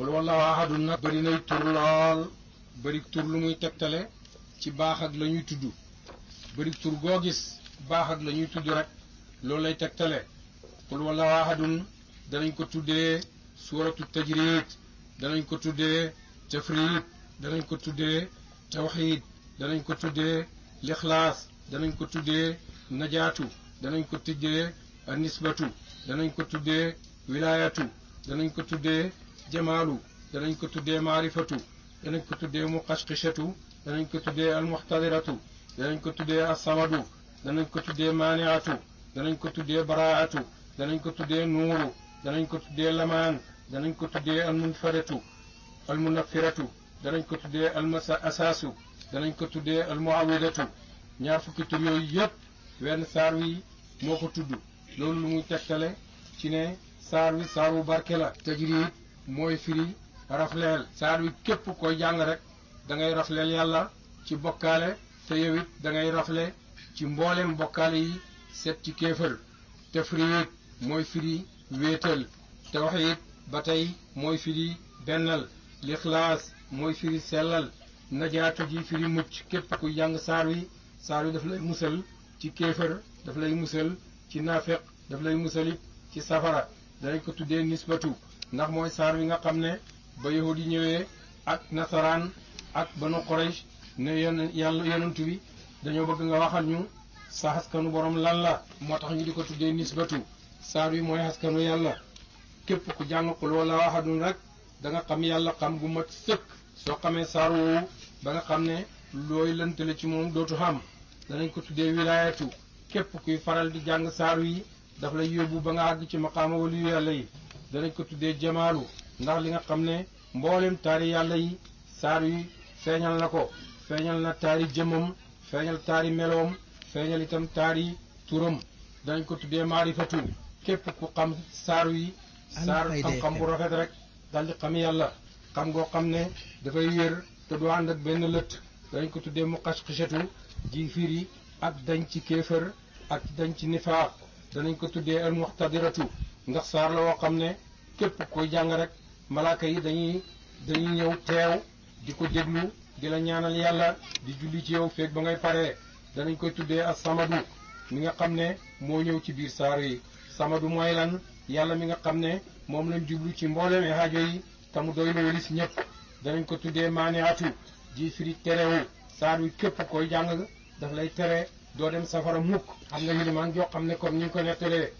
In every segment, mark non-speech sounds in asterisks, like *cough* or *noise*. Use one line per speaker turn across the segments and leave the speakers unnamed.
qul wallahu ahadun nag bëri nay tur lool bëri tur lu muy tegtale ci baax ak la ñuy tudd bëri tur goo gis baax ak la ñuy tudd rek loolu lay tegtale qul wallahu ahadun danañ ko tuddee suuratu tajrid danañ ko tuddee tafrid danañ ko tuddee tawxid danañ ko tuddee lixlaas danañ ko tuddee najaatu danañ ko tuddee anisbatu danañ ko tuddee wilaayatu danañ ko tuddee jamaalu danañ ko tuddee maarifatu danañ ko tuddee muqashqishatu danañ ko tuddee almuxtadiratu danañ ko tuddee assamadu danañ ko tuddee maaniatu danañ ko tuddee baraatu danañ ko tuddee nuuru danañ ko tuddee lamaan danañ ko tuddee almunfaratu almunafiratu danañ ko tuddee almasa asaasu danañ ko tuddee almuawidatu ñaar fukki tur yooyu yëpp wenn saar wi moo ko tudd loolu lu muy tegtale ci ne saar wi saaru barke la tajriid mooy firi rafleel saar wi képp koy jàng rek da ngay rafleel yàlla ci bokkaale te yow it da ngay rafle ci mbooleem bokkaale yi set ci kéefër tafriit mooy firi wéetal tawxiid ba tey mooy firi bennal lixlaas mooy firi sellal najaatu ji firi mucc képp kuy jàng saar wi saar wi daf lay musal ci kéefër daf lay musal ci naafeq daf lay musal ci safara danañ ko tuddee nisbatu ndax mooy saar wi nga xam ne ba yahud yi ñëwee ak nasaraan ak banu Quraysh ne yon yàlla yonent bi dañoo bëgg nga waxal ñu sa askanu borom lan la moo tax ñu di ko tuddee nisbatu saar wi mooy askanu yàlla képp ku jàng xul wala waxadun rek da nga xam yàlla xam gu mat sëkk soo xamee saar woowu ba nga xam ne looy lëntale ci moom dootu xam danañ ko tuddee wilaayatu képp kuy faral di jàng saar wi daf lay yóbbu ba nga àgg ci maqaama waliyu yàlla yi danañ ko tuddee jamaalu ndax li nga xam ne mboolem taari yàlla yi saar yi feeñal na ko feeñal na taari jëmmam feeñal taari melom feeñal itam taari turam danañ ko tuddee maarifatu képp ku xam saar yi saar xam-xam bu rafet rek dal xam yàlla xam ngoo xam ne dafay wér te du ànd ak benn lët danañ ko tuddee mu muqashqishatu ji firi ak dañ ci kéefër ak dañ ci nifaax danañ ko tuddee al muxtadiratu ndax saar la woo xam ne képp koy jàng rek malaaka yi dañuy dañuy ñëw teew di ko déglu di la ñaanal yàlla di julli ci yow feeg ba ngay paree danañ koy tuddee as samadu mi nga xam ne moo ñëw ci biir saar yi samadu mooy lan yàlla mi nga xam ne moom lañ jublu ci mboolem haajo yi te mu doy lu wëlis ñëpp danañ ko tuddee maaniatu ji firi terewu saar wi képp koy jàng daf lay tere doo dem safara mukk am na yilimaan joo xam ne comme ni ñu ko nettalee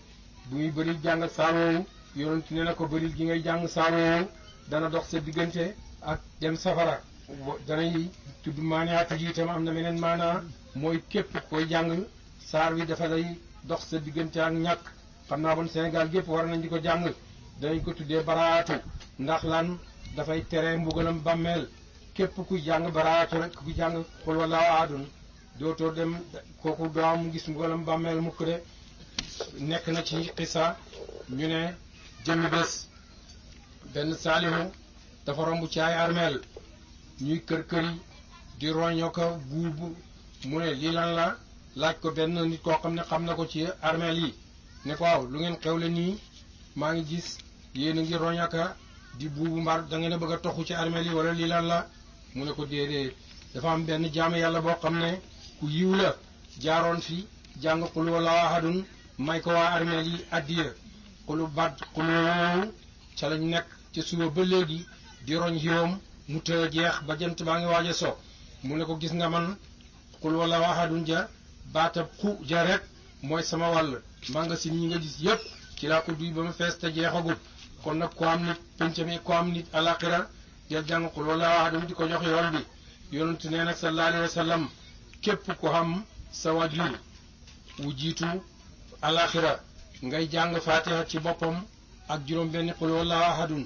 bu muy bëril jàng saawoowu yonent ne na ko bëril gi ngay jàng saawoowu dana dox sa diggante ak dem safara danay tudd maanaatu ji itam am na meneen maanaa mooy képp koy jàng saar wi dafa lay dox sa diggante ak ñàkk xam naa bon Sénégal gépp war nañ di ko jàng danañ ko tuddee baraatu ndax lan dafay tere mbugalam bàmmeel képp ku jàng baraatu rek ku jàng xul wallaahu ahadun dootoo dem kooku doo am gis mbugalam bàmmeel mukk de nekk na ci xisa ñu ne jëmmi bés benn saalihu dafa romb ci ay armeel ñuy kër kër yi di roño buubu mu ne lii lan la laaj ko benn nit koo xam ne xam na ko ci armeel yi ne waaw lu ngeen xewle nii maa ngi gis yéen a ngi di buubu mbar dangeen bëgg a toxu ci armeel yi wala lii lan la mu ne ko déedéet dafa am benn jaam yàlla boo xam ne ku yiw la jaaroon fi jàng qul huwallahu ahadun may ko waa armeel yi addiya xulu bat xulu ca lañ nekk ca suba ba léegi di roñ yoom mu tëye jeex ba jant baa ngi waaj a so mu ne ko gis nga man xul walla waxadun ja baatab xu ja rek mooy sama wàll magasin ñi nga gis yépp ci laa ko duy ba mu fees te jeexagut kon nag ku am nit penc mi ku am nit alaxira jël jàng xul wala waxadun di ko jox yoon bi yonent nee nag sallallahu alayhi wa képp ku am sa wajur wu jiitu alaxira ngay jàng fatiha ci boppam ak juróom benn qul wallahu ahadun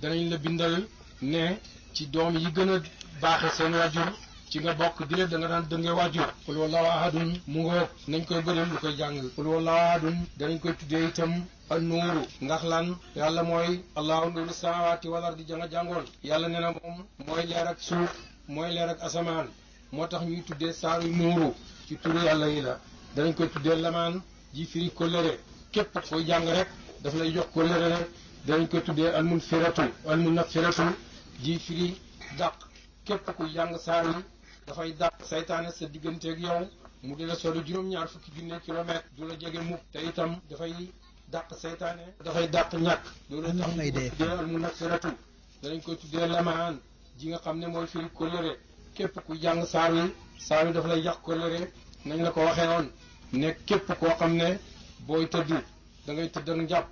danañ la bindal ne ci doom yi gën a baaxe seen wàjjur ci nga bokk di da nga daan dënge wàjjur qul wallahu ahadun mu nga nañ koy bëreel lu koy jàng qul wallahu ahadun danañ koy tuddee itam ak nuuru ndax lan yàlla mooy allahu nuuru samawati wal ardi ja nga jàngoon yàlla nee na moom mooy leer ak suuf mooy leer ak asamaan moo tax ñuy tuddee saaru nuuru ci turu yàlla yi la danañ koy tuddee lamaan ji firi kóllëre képp koy jàng rek daf lay jox kóllëre rek danañ ko tuddee almun firatun almun nag firatun ji firi dàq képp kuy jàng saar yi dafay dàq saytaane sa digganteeg yow mu di la sori juróom fukki junne kilomètre du la jege mukk te dafay dàq saytaane dafay dàq ñàkk loolu tax ñu ko tuddee almun nag firatun danañ ko tuddee ji nga xam ne mooy firi kóllëre képp kuy jàng saar yi daf lay yàq nañ la ko waxee ne képp koo xam ne booy tëdd dangay ngay tëdd ak njàpp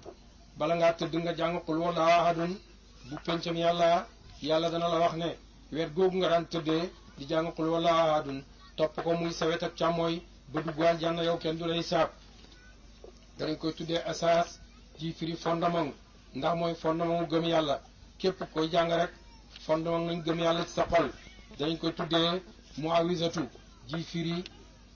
bala ngaa tëdd nga jàng xul wallaahu ahadun bu pencam yàlla yàlla dana la wax ne weer googu nga daan tëddee di jàng xul wallaahu ahadun topp ko muy sawet ak càmmooy ba dugg aljanna yow kenn du lay saab danañ koy tuddee asaas ji firi fondement ndax mooy fondement gëm yàlla képp koy jàng rek fondement nañ gëm yàlla ci sa xol danañ koy tuddee muawisatu ji firi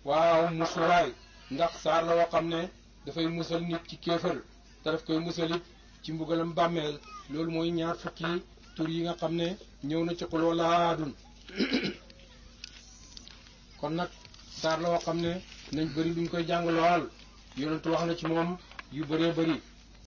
waaw musuraay ndax saar la xam ne dafay musal nit ci kéefër te daf koy musalit ci mbugalam bàmmeel loolu mooy ñaar fukki tur yi nga xam ne ñëw na ci xul wala aadun *coughs* kon nag saar woo xam ne nañ bëri duñ koy jàng lool yonentu wax na ci moom yu bëree bari